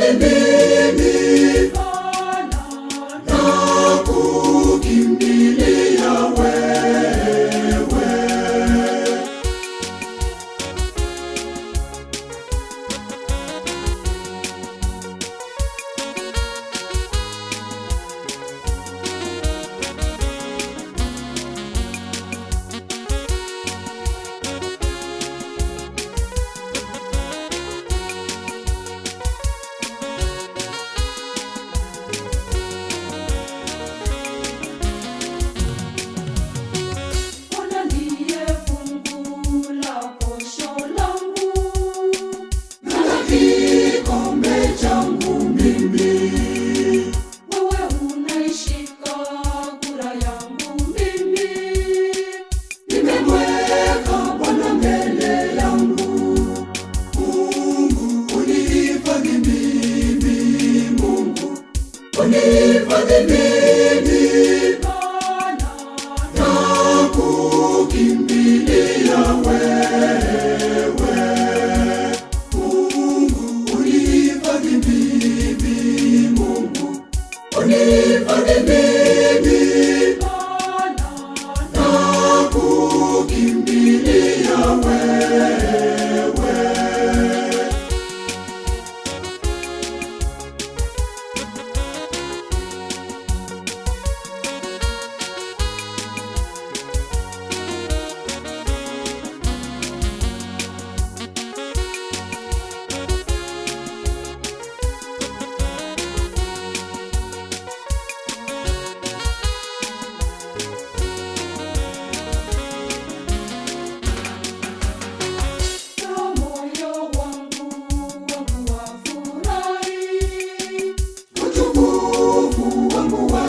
Hadi bir unifadhili Bwana na kukimbia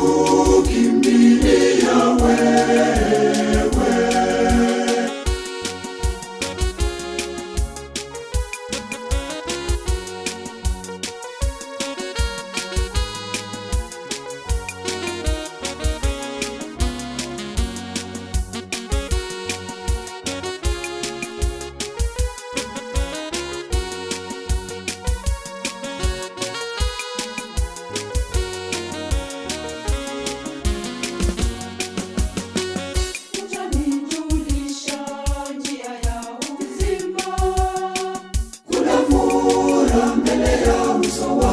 Ooh. so